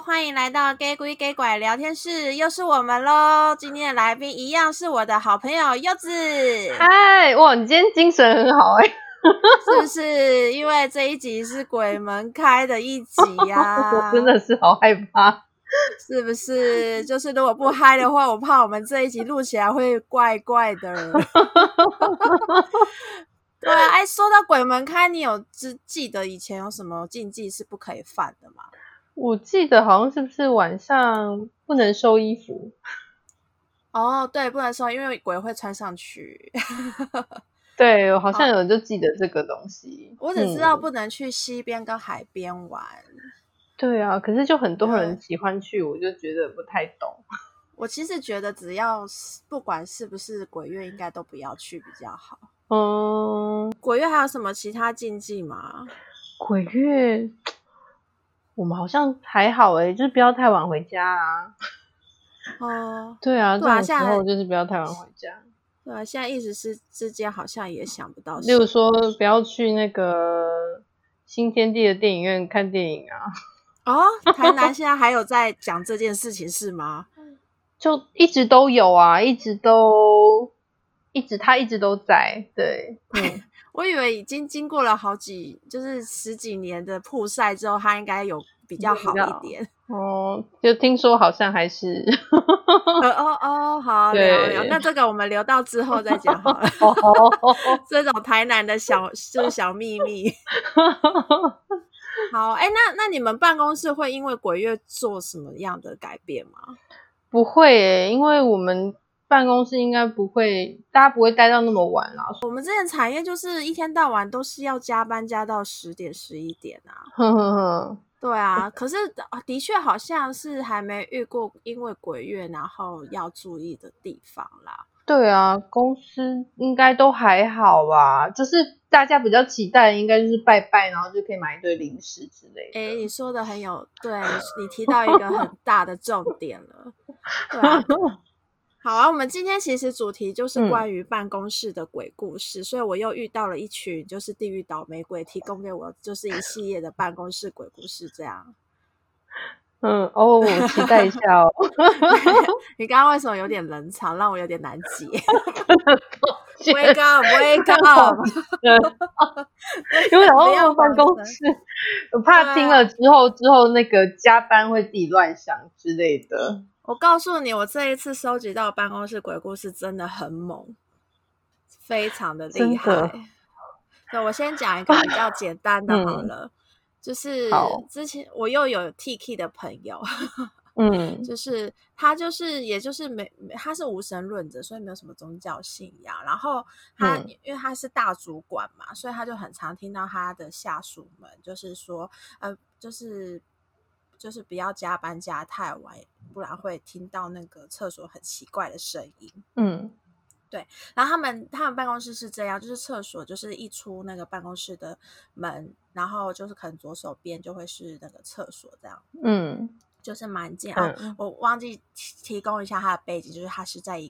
歡迎來到《假鬼假怪》聊天室，又是我們嘍！今天的來賓一樣是我的好朋友柚子。嗨，hey, 哇，你今天精神很好哎、欸， 是不是？因為這一集是鬼門開的一集呀、啊， 我真的是好害怕， 是不是？就是如果不嗨的話，我怕我們這一集錄起來會怪怪的。 對、啊，哎，說到鬼門開，你有記記得以前有什麼禁忌是不可以犯的嗎？我記得好像是不是晚上不能收衣服？哦，oh, 對，不能收，因為鬼會穿上去。 對，好像有人就記得這個東西。Oh. 我只知道不能去溪邊跟海邊玩。嗯、對啊，可是就很多人喜歡去，對我就覺得不太懂。我其實覺得只要是不管是不是鬼月，應該都不要去比較好。哦，oh. 鬼月還有什麼其他禁忌嗎？鬼月。我們好像還好誒、欸，就是不要太晚回家啊。哦， 對啊，對啊，之後就是不要太晚回家。對啊，現在一時之間好像也想不到，例如說不要去那個新天地的電影院看電影啊。 哦，台南現在還有在講這件事情是嗎？ 就一直都有啊，一直都，一直他一直都在，對，嗯。我以為已經經過了好幾，就是十幾年的曝曬之後，它應該有比較好一點哦。就聽說好像還是， 呃、哦哦，好，對了了，那這個我們留到之後再講好了。哦哦哦，這種台南的小就是小秘密。 好，哎，那那你們辦公室會因為鬼月做什麼樣的改變嗎？不會，因為我們。辦公室應該不會，大家不會待到那麼晚啦。我們這件產業就是一天到晚都是要加班，加到十點、十一點啊。 對啊。可是的確好像是還沒遇過因為鬼月然後要注意的地方啦。對啊，公司應該都還好吧？就是大家比較期待，應該就是拜拜，然後就可以買一堆零食之類的。誒、欸、你說的很有對，你提到一個很大的重點了。 對啊。好啊，我們今天其實主題就是關於辦公室的鬼故事，嗯、所以我又遇到了一群就是地獄倒霉鬼，提供給我就是一系列的辦公室鬼故事，這樣。嗯哦，我期待一下哦。 你剛剛為什麼有點冷場，讓我有點難解？不會講，不會講。 因為我辦公室，對我怕聽了之後之後那個加班會自己亂想之類的。我告訴你，我這一次收集到的辦公室鬼故事真的很猛，非常的厲害。那的我先講一個比較簡單的好了，嗯、就是好之前我又有 TK 的朋友，嗯， 就是他就是也就是沒他是無神論者，所以沒有什麼宗教信仰。然後他、嗯、因為他是大主管嘛，所以他就很常聽到他的下屬們就是說，呃，就是。就是不要加班加太晚，不然會聽到那個廁所很奇怪的聲音。嗯，對。然後他們他們辦公室是這樣，就是廁所就是一出那個辦公室的門，然後就是可能左手邊就會是那個廁所，這樣。嗯，就是蠻近、嗯、啊。我忘記提提供一下他的背景，就是他是在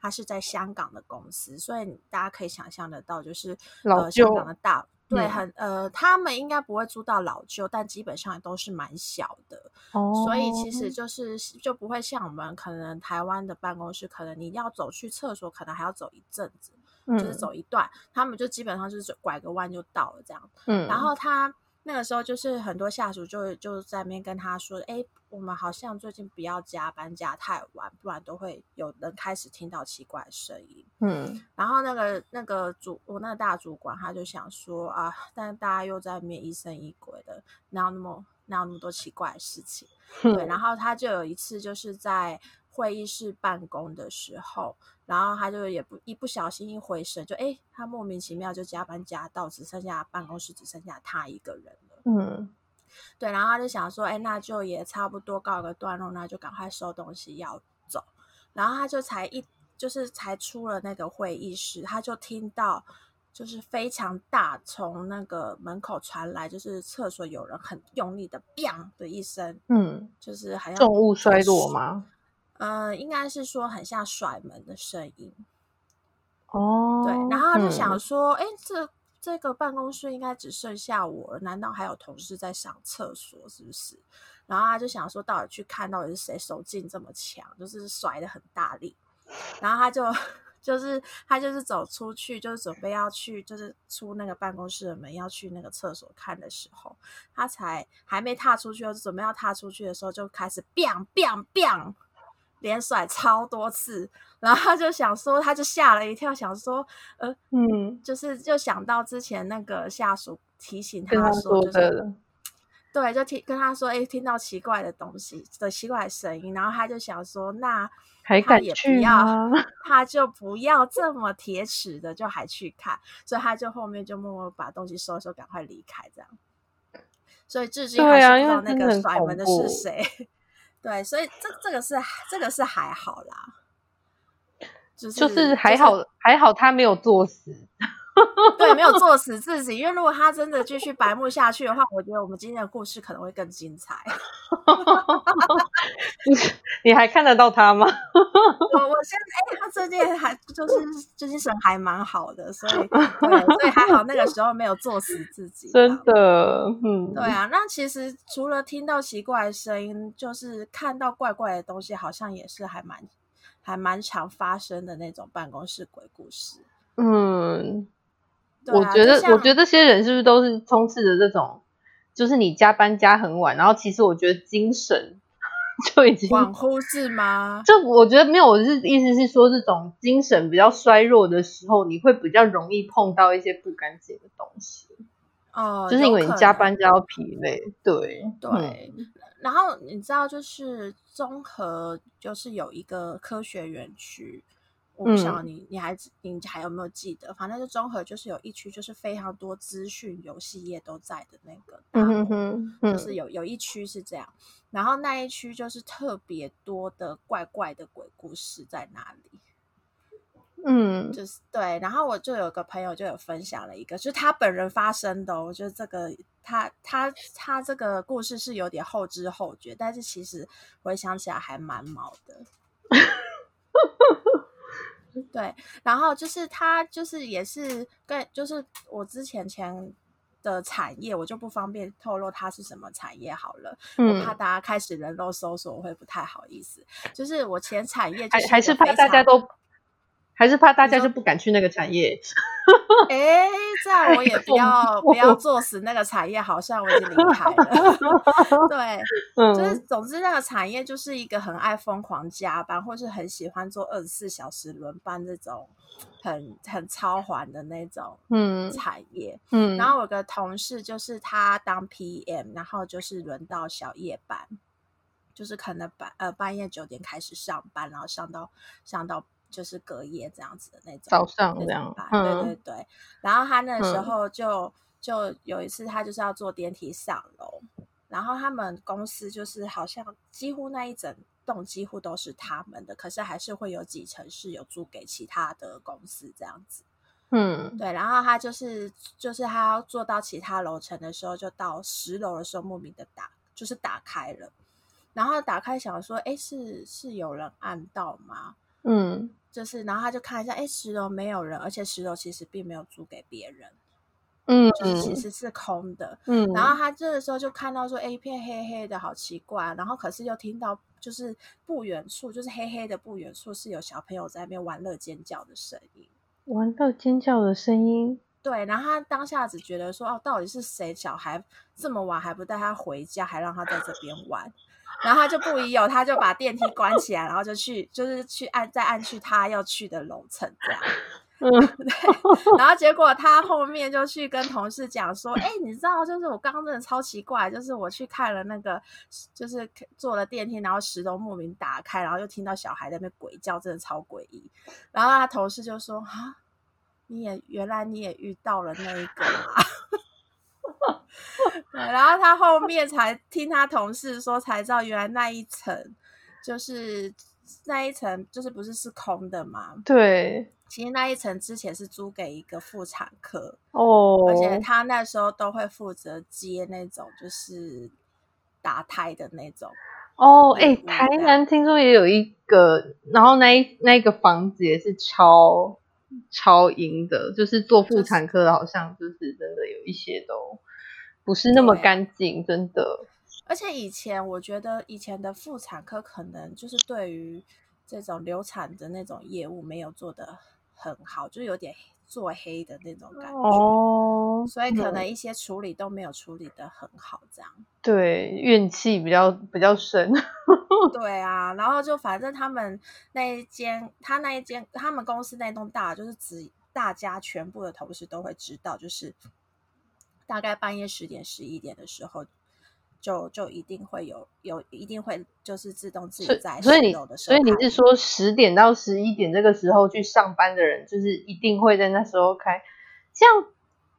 他是在香港的公司，所以大家可以想象得到，就是老舊，呃，香港的大。對，很、嗯、呃，他們應該不會租到老舊，但基本上也都是蠻小的，哦、所以其實就是就不會像我們可能台灣的辦公室，可能你要走去廁所，可能還要走一陣子，嗯、就是走一段，他們就基本上就是拐個彎就到了這樣，嗯，然後他。那個時候，就是很多下屬就就在那邊跟他說：“哎、欸，我們好像最近不要加班加太晚，不然都會有人開始聽到奇怪的聲音。”嗯，然後那個那個主，我那個大主管他就想說：“啊，但大家又在那邊疑神疑鬼的，哪有那麼哪有那麼多奇怪的事情？”嗯、對，然後他就有一次就是在。會議室辦公的時候，然後他就也不一不小心一回神，就哎，他莫名其妙就加班加到只剩下辦公室只剩下他一個人了。嗯，對，然後他就想說，哎，那就也差不多告一個段落，那就趕快收東西要走。然後他就才一就是才出了那個會議室，他就聽到就是非常大從那個門口傳來，就是廁所有人很用力的“砰、嗯”的一聲，嗯，就是好像、嗯、重物摔落嗎？呃，應該是說很像甩門的聲音，哦，對，然後他就想說，哎、嗯欸，這這個辦公室應該只剩下我，難道還有同事在上廁所？是不是？然後他就想說，到底去看到底是誰手勁這麼強，就是甩的很大力。然後他就就是他就是走出去，就是準備要去，就是出那個辦公室的門，要去那個廁所看的時候，他才還沒踏出去，就準備要踏出去的時候，就開始 bang bang bang。連甩超多次，然後他就想說，他就嚇了一跳，想說，呃，嗯，就是就想到之前那個下屬提醒他說，就是，對，就聽跟他說，哎、欸，聽到奇怪的東西的奇怪的聲音，然後他就想說，那他也不要還敢去，他就不要這麼鐵齒的，就還去看，所以他就後面就默默把東西收一收，趕快離開，這樣。所以至今還是不知道、對啊、那個甩門的是誰。對，所以這這個是這個是還好啦，就是，就是還好、就是、還好他沒有作死。 對，沒有作死自己。因為如果他真的繼續白目下去的話，我覺得我們今天的故事可能會更精彩。 你還看得到他嗎？我 我現在、欸、他最近還就是精神還蠻好的，所以對，所以還好那個時候沒有作死自己。 真的，嗯，對啊。那其實除了聽到奇怪聲音，就是看到怪怪的東西，好像也是還蠻還蠻常發生的那種辦公室鬼故事。嗯。啊、我覺得，像我覺得這些人是不是都是充斥着這種，就是你加班加很晚，然後其實我覺得精神就已經……恍惚是嗎？就我覺得沒有，我是意思是說，這種精神比較衰弱的時候，你會比較容易碰到一些不乾淨的東西。哦，就是因為你加班加到疲憊，對對。嗯、然後你知道，就是綜合，就是有一個科學園區。我不曉得你。嗯、你還你還有沒有記得？反正就綜合，就是有一區，就是非常多資訊、遊戲業都在的那個大，嗯嗯、就是有有一區是這樣。然後那一區就是特別多的怪怪的鬼故事在那裡。嗯，就是對。然後我就有個朋友就有分享了一個，就是他本人發生的。哦，我覺得這個他他他這個故事是有點後知後覺，但是其實回想起來還蠻毛的。 對，然後就是他，就是也是跟，就是我之前前的產業，我就不方便透露他是什麼產業好了，嗯，我怕大家開始人肉搜索會不太好意思。就是我前產業就是，還還是怕大家都。還是怕大家就不敢去那個產業。哎，這樣我也不要不要作死那個產業，好像我已經離開了。 對，嗯、就是總之那個產業就是一個很愛瘋狂加班，或是很喜歡做二十四小時輪班這種很很超環的那種嗯產業嗯。嗯然後我的同事就是他當 PM，然後就是輪到小夜班，就是可能半呃半夜九點開始上班，然後上到上到。就是隔夜這樣子的那種，早上這樣吧，對，嗯、對對對。然後他那時候就、嗯、就有一次，他就是要坐電梯上樓，然後他們公司就是好像幾乎那一整棟幾乎都是他們的，可是還是會有幾層是有租給其他的公司這樣子。嗯，對。然後他就是就是他要坐到其他樓層的時候，就到十樓的時候，莫名的打，就是打開了，然後打開想說，誒、欸，是是有人按到嗎？嗯，就是，然後他就看一下，哎、欸，十樓沒有人，而且十樓其實並沒有租給別人，嗯，就是其實是空的，嗯。然後他這個時候就看到說，哎、欸，一片黑黑的，好奇怪，啊。然後可是又聽到，就是不遠處，就是黑黑的不遠處是有小朋友在那邊玩樂尖叫的聲音，玩到尖叫的聲音。對，然後他當下只覺得說，哦，到底是誰小孩這麼晚還不帶他回家，還讓他在這邊玩。然後他就不疑有，他就把電梯關起來，然後就去，就是去按，再按去他要去的樓層，這樣。嗯，對。然後結果他後面就去跟同事講說：“哎，你知道，就是我剛剛真的超奇怪，就是我去看了那個，就是坐了電梯，然後石頭莫名打開，然後又聽到小孩在那邊鬼叫，真的超詭異。”然後他同事就說：“啊，你也原來你也遇到了那一個啊。” 對，然後他後面才聽他同事說，才知道原來那一層就是那一層就是不是是空的嘛？對，其實那一層之前是租給一個婦產科哦，而且他那時候都會負責接那種就是打胎的那種哦。哎，台南聽說也有一個，然後那一那一個房子也是超超陰的，就是做婦產科的，好像就是真的有一些都。不是那麼乾淨，啊、真的。而且以前我覺得，以前的婦產科可能就是對於這種流產的那種業務沒有做得很好，就有點黑做黑的那種感覺。哦，所以可能一些處理都沒有處理得很好，這樣。對，怨氣比較比較深。 對啊，然後就反正他們那一間，他那一間，他們公司那棟大，大就是指大家全部的同事都會知道，就是。大概半夜十點十一點的時候，就就一定會有有一定會就是自動自己在的，所以你所以你是說十點到十一點這個時候去上班的人，就是一定會在那時候開，這樣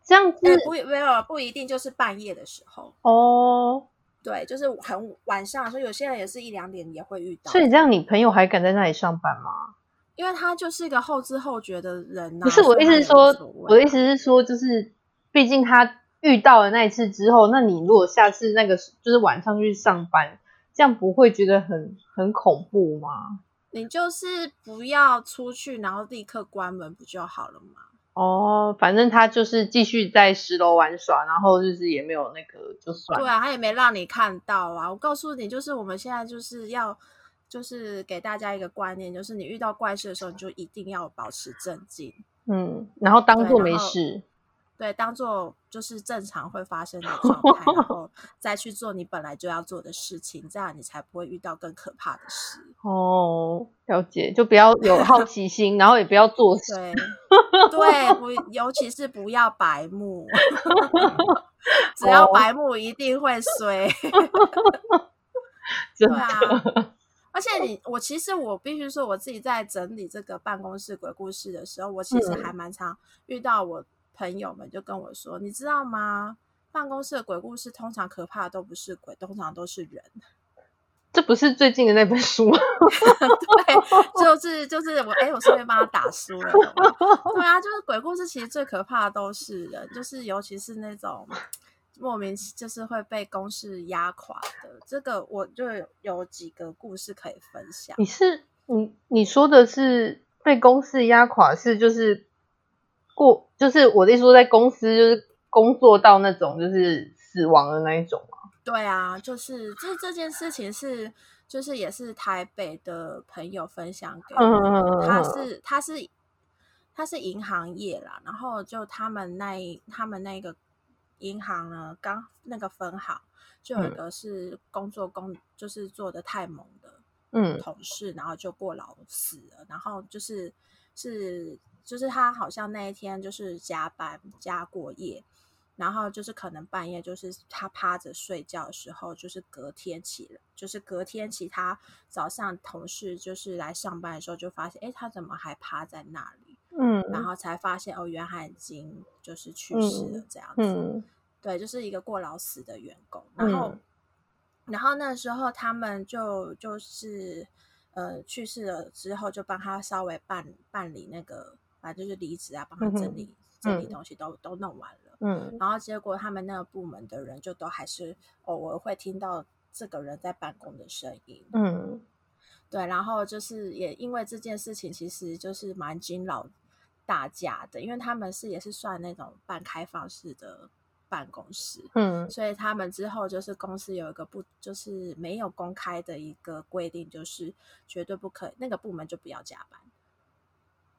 這樣子不沒有不一定就是半夜的時候哦，對，就是很晚上，所以有些人也是一兩點也會遇到。所以這樣，你朋友還敢在那裡上班嗎？因為他就是一個後知後覺的人吶，啊。不是我意思是說，有有我的意思是說，就是畢竟他。遇到了那一次之後，那你如果下次那個就是晚上去上班，這樣不會覺得很很恐怖嗎？你就是不要出去，然後立刻關門不就好了嗎？哦，反正他就是繼續在十樓玩耍，然後就是也沒有那個就算了。對啊，他也沒讓你看到啊！我告訴你，就是我們現在就是要就是給大家一個觀念，就是你遇到怪事的時候，你就一定要保持鎮靜，嗯，然後當做沒事。對，當做就是正常會發生的狀態， 然後再去做你本來就要做的事情，這樣你才不會遇到更可怕的事。哦，了解，就不要有好奇心，對然後也不要做衰，對，不，尤其是不要白目， 只要白目一定會衰。哦、 對啊，的而且你，我其實我必須說，我自己在整理這個辦公室鬼故事的時候，我其實還蠻常遇到我、嗯。朋友們就跟我說，你知道嗎？辦公室的鬼故事通常可怕的都不是鬼，通常都是人。這不是最近的那本書？ 對，就是就是我哎、欸，我順便幫他打書了。 對啊，就是鬼故事其實最可怕的都是人，就是尤其是那種莫名就是會被公事壓垮的。這個我就有,有幾個故事可以分享。你是你你說的是被公事壓垮是就是。過就是我的意思說，在公司就是工作到那種就是死亡的那一種嗎？啊？對啊，就是就是這件事情是就是也是台北的朋友分享給我他 是他是他是銀行業啦，然後就他們那他們那個銀行呢，剛那個分行就有一個是工作工，嗯、就是做得太猛的，嗯，同事然後就過勞死了，然後就是是。就是他好像那一天就是加班加過夜，然後就是可能半夜就是他趴着睡覺的時候，就是隔天起了，就是隔天起他早上同事就是來上班的時候就發現，哎，他怎麼還趴在那裡？嗯，然後才發現哦，原來已經就是去世了，嗯、這樣子。嗯、對，就是一個過勞死的員工。然後，嗯、然後那時候他們就就是呃去世了之後，就幫他稍微辦理辦理那個。就是離職啊，幫他整理、嗯嗯、整理東西都都弄完了。嗯，然後結果他們那個部門的人就都還是偶爾會聽到這個人在辦公的聲音。嗯，對。然後就是也因為這件事情，其實就是蠻驚擾大家的，因為他們是也是算那種半開放式的辦公室。嗯，所以他們之後就是公司有一個不就是沒有公開的一個規定，就是絕對不可以，那個部門就不要加班。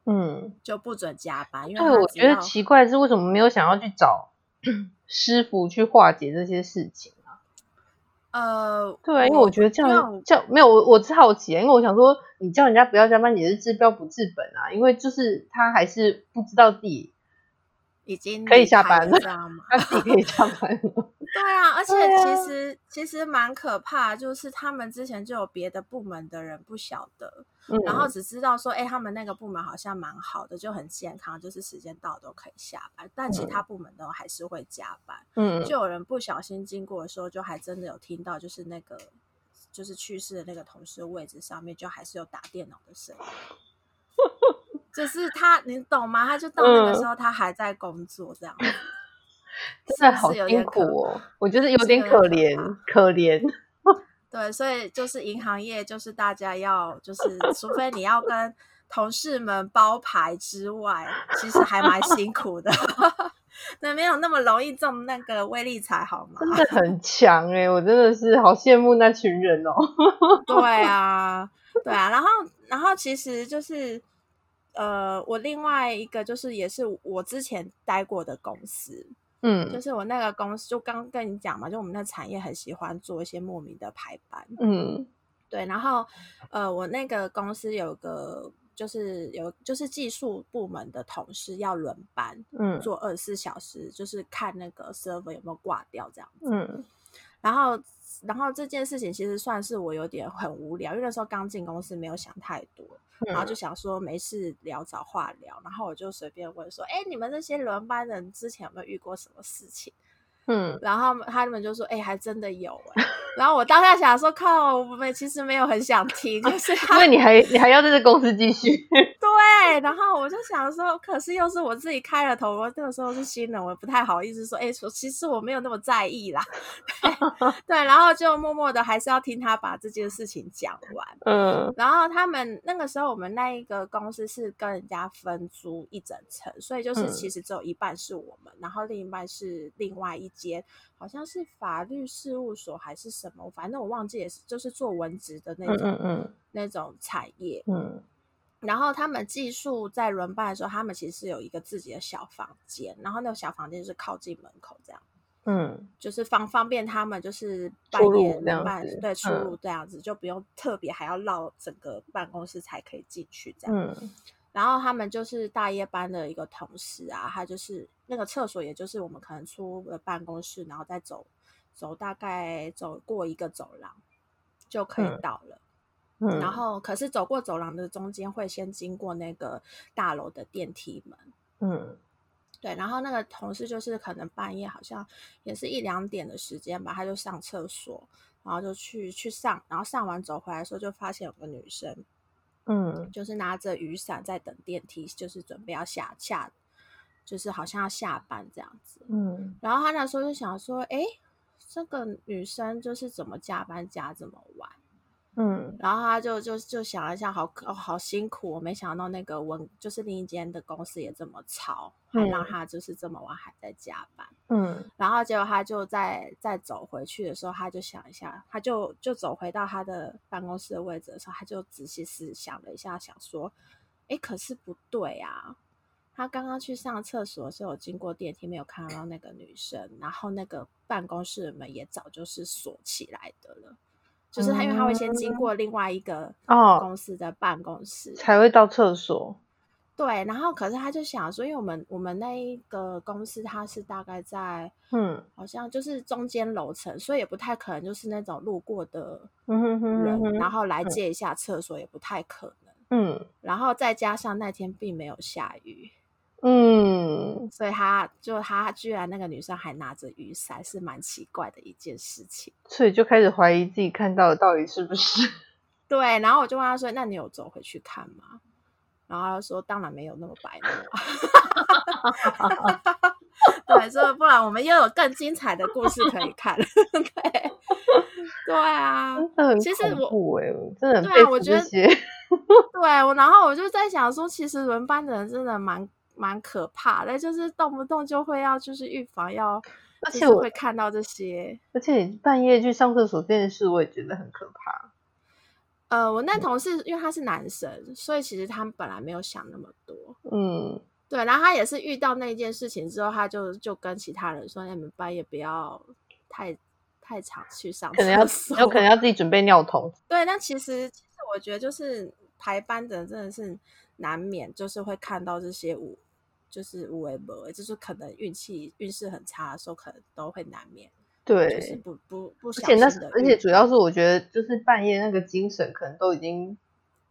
嗯，就不准加班。因為我覺得奇怪是為什麼沒有想要去找、嗯、師傅去化解這些事情呢、啊？呃，對、啊，你因為我覺得這樣叫沒有我我很好奇、啊，因為我想說，你叫人家不要加班，你是治標不治本啊，因為就是他還是不知道自己。已經可以下班了，知道嗎？可以下班了 對啊，而且其實、啊、其實蠻可怕，就是他們之前就有別的部門的人不曉得，嗯、然後只知道說，哎、欸，他們那個部門好像蠻好的，就很健康，就是時間到都可以下班，但其他部門都還是會加班。嗯，就有人不小心經過的時候，就還真的有聽到，就是那個就是去世的那個同事位置上面，就還是有打電腦的聲音。 就是他，你懂嗎？他就到那個時候，他還在工作這樣，嗯、真的好辛苦哦。是是我覺得有點可憐，的可憐。可憐對，所以就是銀行業，就是大家要，就是 除非你要跟同事們包牌之外，其實還蠻辛苦的。 那沒有那麼容易中那個威力彩，好嗎？真的很強哎、欸，我真的是好羨慕那群人哦。 對啊，對啊。然後，然後其實就是。呃，我另外一個就是也是我之前待過的公司，嗯，就是我那個公司就剛跟你講嘛，就我們那產業很喜歡做一些莫名的排班，嗯，對。然後呃，我那個公司有個就是有就是技術部門的同事要輪班，嗯，做二十四小時，就是看那個 server 有沒有掛掉這樣子，嗯。然後，然後這件事情其實算是我有點很無聊，因為那時候剛進公司，沒有想太多。然後就想說沒事聊找話聊，嗯、然後我就隨便問說，哎，你們這些輪班人之前有沒有遇過什麼事情？嗯，然後他們就說，哎，還真的有哎、欸。 然後我當下想說，靠，我們其實沒有很想聽， 是他因為你還你還要在這公司繼續。 對，然後我就想說，可是又是我自己開了頭，我那個時候是新人，我不太好意思說，哎，其實我沒有那麼在意啦。對， 對，然後就默默的還是要聽他把這件事情講完。嗯。然後他們那個時候，我們那一個公司是跟人家分租一整層，所以就是其實只有一半是我們，嗯、然後另一半是另外一間，好像是法律事務所還是什麼，反正我忘記也是，就是做文職的那種，嗯嗯，嗯那種產業，嗯。然後他們寄宿在輪班的時候，他們其實是有一個自己的小房間，然後那個小房間是靠近門口這樣，嗯，就是方方便他們就是半夜，這樣，對出入這樣子，樣子嗯，就不用特別還要繞整個辦公室才可以進去這樣，嗯。然後他們就是大夜班的一個同事啊，他就是那個廁所，也就是我們可能出了辦公室，然後再走走大概走過一個走廊就可以到了。嗯嗯、然後，可是走過走廊的中間，會先經過那個大樓的電梯門。嗯，對。然後那個同事就是可能半夜好像也是一兩點的時間吧，他就上廁所，然後就去去上，然後上完走回來的時候，就發現有個女生，嗯，就是拿着雨傘在等電梯，就是準備要下下，就是好像要下班這樣子。嗯，然後他那時候就想說，誒，這個女生就是怎麼加班加這麼晚？嗯，然後他就就就想了一下，好哦，好辛苦，我沒想到那個文就是另一間的公司也這麼吵，還讓他就是這麼晚還在加班。嗯，嗯，然後結果他就在在走回去的時候，他就想一下，他就就走回到他的辦公室的位置的時候，他就仔細思想了一下，想說，哎，可是不對啊，他剛剛去上廁所的時候經過電梯，沒有看到那個女生，然後那個辦公室的門也早就是鎖起來的了。就是他，因為他會先經過另外一個公司的辦公室，哦，才會到廁所。對，然後可是他就想說，所以我們我們那一個公司他是大概在，嗯，好像就是中間樓層，所以也不太可能就是那種路過的人，人嗯哼哼哼哼，然後來借一下廁所也不太可能。嗯，然後再加上那天並沒有下雨。嗯，所以他就他居然那個女生還拿着雨傘，是蠻奇怪的一件事情。所以就開始懷疑自己看到的到底是不是對。然後我就問他說：“那你有走回去看嗎？”然後他說：“當然沒有那麼白目。 ”對，所以不然我們又有更精彩的故事可以看。 對，對啊，欸、其實我真的對、啊、我覺得對。我然後我就在想說，其實輪班的人真的蠻。蠻可怕的，就是動不動就會要，就是預防要，而且我會看到這些。而且半夜去上廁所這件事，我也覺得很可怕。呃，我那同事因為他是男生，所以其實他們本來沒有想那麼多。嗯，對。然後他也是遇到那件事情之後，他就就跟其他人說：“你們半夜不要太、太常去上廁所可能要，有可能要自己準備尿桶。” 對。那其實，其實我覺得就是排班真的真的是難免，就是會看到這些舞。就是無為而就是可能運氣運勢很差的時候，可能都會難免。對，就是不不不小心的，而且，那而且主要是我覺得，就是半夜那個精神可能都已經已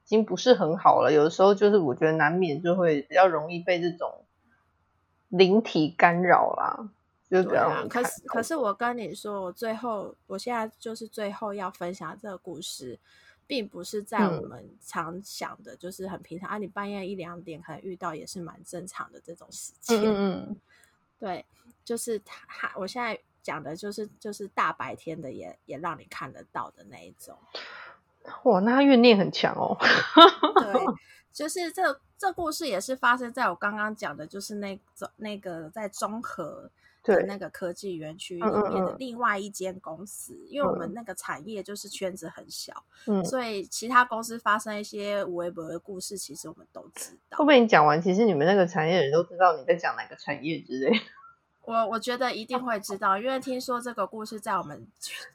經不是很好了，有的時候就是我覺得難免就會比較容易被這種靈體干擾啦。就比較對啊，可是可是我跟你說，我最後我現在就是最後要分享這個故事。並不是在我們常想的，嗯、就是很平常啊！你半夜一兩點可能遇到也是蠻正常的這種事情。嗯，嗯對，就是他，我現在講的就是就是大白天的也，也也讓你看得到的那一種。哇，那他怨念很強哦。 對，就是這這故事也是發生在我剛剛講的，就是那中那個在中和，對，的那個科技園區裡面的另外一間公司，嗯嗯嗯，因為我們那個產業就是圈子很小，嗯、所以其他公司發生一些微博的故事，其實我們都知道。會不會你講完，其實你們那個產業人都知道你在講哪個產業之類的。我我覺得一定會知道， 因為聽說這個故事在我們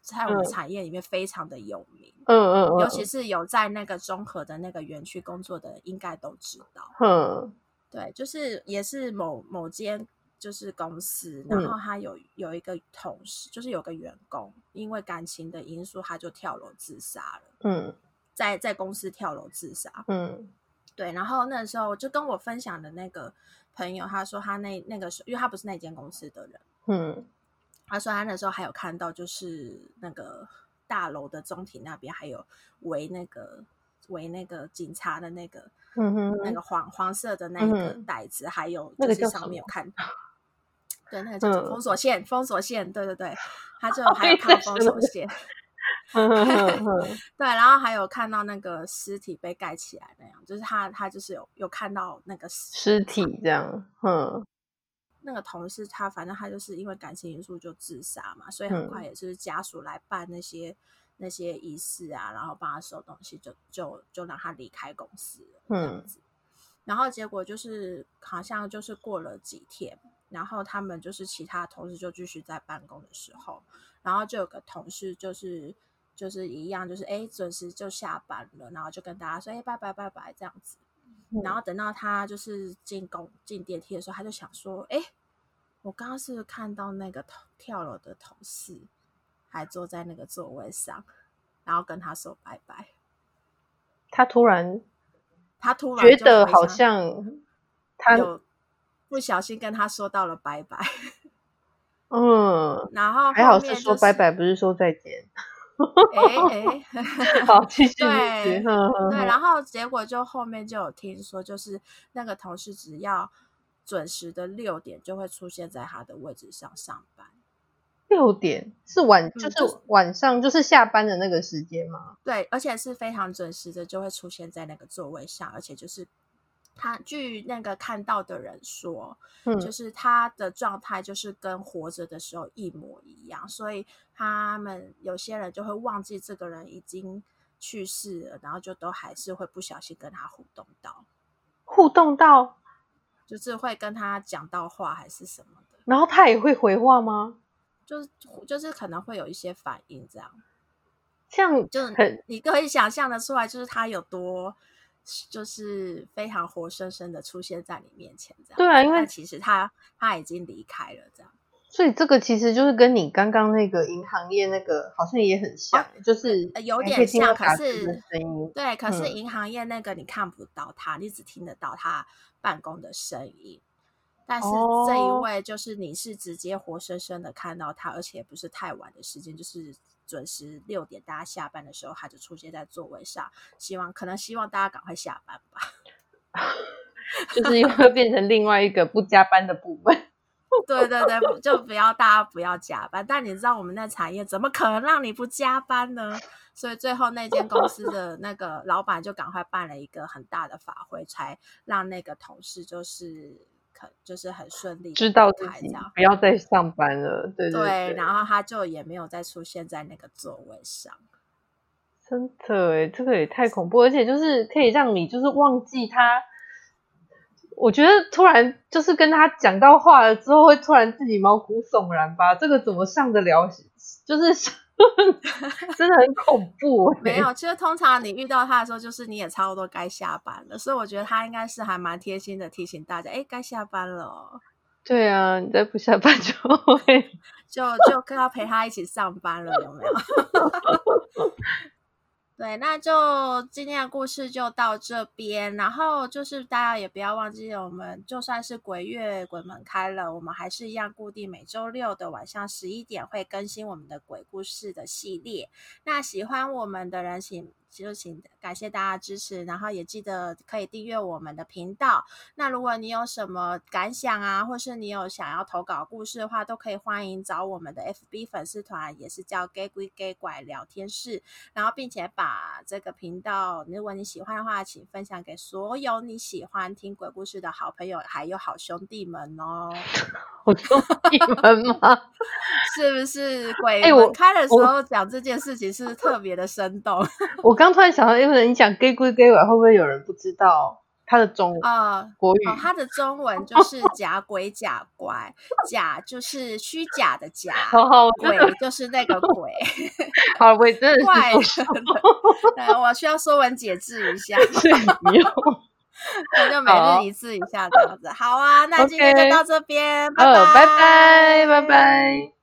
在我們產業裡面非常的有名。嗯嗯，嗯嗯，尤其是有在那個綜合的那個園區工作的，應該都知道。嗯，對，就是也是某某間。就是公司，然後他有有一個同事，嗯、就是有個員工，因為感情的因素，他就跳樓自殺了。嗯，在在公司跳樓自殺。嗯，對。然後那時候就跟我分享的那個朋友，他說他那那個時候，因為他不是那間公司的人。嗯，他說他那時候還有看到，就是那個大樓的中庭那邊還有圍那個圍那個警察的那個、嗯、那個黃黃色的那個袋子，嗯、還有就是上面有看到。對，那個叫做封鎖線，嗯、封鎖線，對對對，他最後還有看到封鎖線，對，然後還有看到那個屍體被蓋起來那樣，就是他他就是有有看到那個屍體，屍體這樣，嗯，那個同事他反正他就是因為感情因素就自殺嘛，所以很快也是家屬來辦那些、嗯、那些儀式啊，然後幫他收東西就，就就就讓他離開公司，這樣子，嗯、然後結果就是好像就是過了幾天，然後他們就是其他同事就繼續在辦公的時候，然後就有個同事就是就是一樣，就是哎準時就下班了，然後就跟大家說哎拜拜拜拜這樣子。嗯、然後等到他就是進公進電梯的時候，他就想說哎，我剛剛是看到那個跳樓的同事還坐在那個座位上，然後跟他說拜拜。他突然，他突然覺得好像他。不小心跟他說到了拜拜， 嗯，然後，後、就是、還好是說拜拜，不是說再見。哎 哎、欸，欸、 好慶幸。謝謝，對，呵呵呵。對，然後結果就後面就有聽說，就是那個同事只要準時的六點就會出現在他的位置上上班。六點是晚，嗯、就是、就是、晚上，就是下班的那個時間嗎？對，而且是非常準時的，就會出現在那個座位上，而且就是。他據那個看到的人說，嗯，就是他的狀態就是跟活着的時候一模一樣，所以他們有些人就會忘記這個人已經去世了，然後就都還是會不小心跟他互動到，互動到，就是會跟他講到話還是什麼的。然後他也會回話嗎？就是就是可能會有一些反應，這樣，像就是你就可以想象的出來，就是他有多。就是非常活生生的出現在你面前，這樣。對啊，因為其實他為他已經離開了，這樣。所以這個其實就是跟你剛剛那個銀行業那個好像也很像，啊、就是的有點像，可是聲音、嗯、對，可是銀行業那個你看不到他，你只聽得到他辦公的聲音。但是這一位就是你是直接活生生的看到他，而且不是太晚的時間，就是。準時六點，大家下班的時候，他就出現在座位上。希望可能希望大家趕快下班吧， 就是又變成另外一個不加班的部分。 對對對，就不要大家不要加班。但你知道我們那產業怎麼可能讓你不加班呢？所以最後那間公司的那個老闆就趕快辦了一個很大的法會，才讓那個同事就是。就是很順利，知道台知不要再上班了，對對，對，對。然後他就也沒有再出現在那個座位上，真的耶，這個也太恐怖，而且就是可以讓你就是忘記他。我覺得突然就是跟他講到話了之後，會突然自己毛骨悚然吧？這個怎麼上得了？就是。 真的很恐怖欸， 沒有。其實通常你遇到他的時候，就是你也差不多該下班了，所以我覺得他應該是還蠻貼心的，提醒大家，哎，該下班了。對啊，你再不下班就會 就就要陪他一起上班了，有沒有？對，那就今天的故事就到這邊。然後就是大家也不要忘記，我們就算是鬼月鬼門開了，我們還是一樣固定每週六的晚上十一點會更新我們的鬼故事的系列。那喜歡我們的人，請。就請感謝大家的支持，然後也記得可以訂閱我們的頻道。那如果你有什麼感想啊，或是你有想要投稿故事的話，都可以歡迎找我們的 FB 粉絲團，也是叫「假鬼假怪」聊天室。然後，並且把這個頻道，如果你喜歡的話，請分享給所有你喜歡聽鬼故事的好朋友還有好兄弟們哦。我做你們嗎？ 是不是鬼門開的時候講這件事情是特別的生動？欸、我，我，我剛突然想到，因、欸、為你講“假鬼假怪”，會不會有人不知道它的中啊、呃、國語、哦？它的中文就是“假鬼假怪”，“ 假”就是虛假的“假”，“好好鬼”就是那個鬼好，鬼怪什麼？我需要說文解字一下， 那 就，就每日一次一下這樣子，好啊。 那今天就到這邊 Okay. 拜、哦，拜拜，拜拜，拜拜。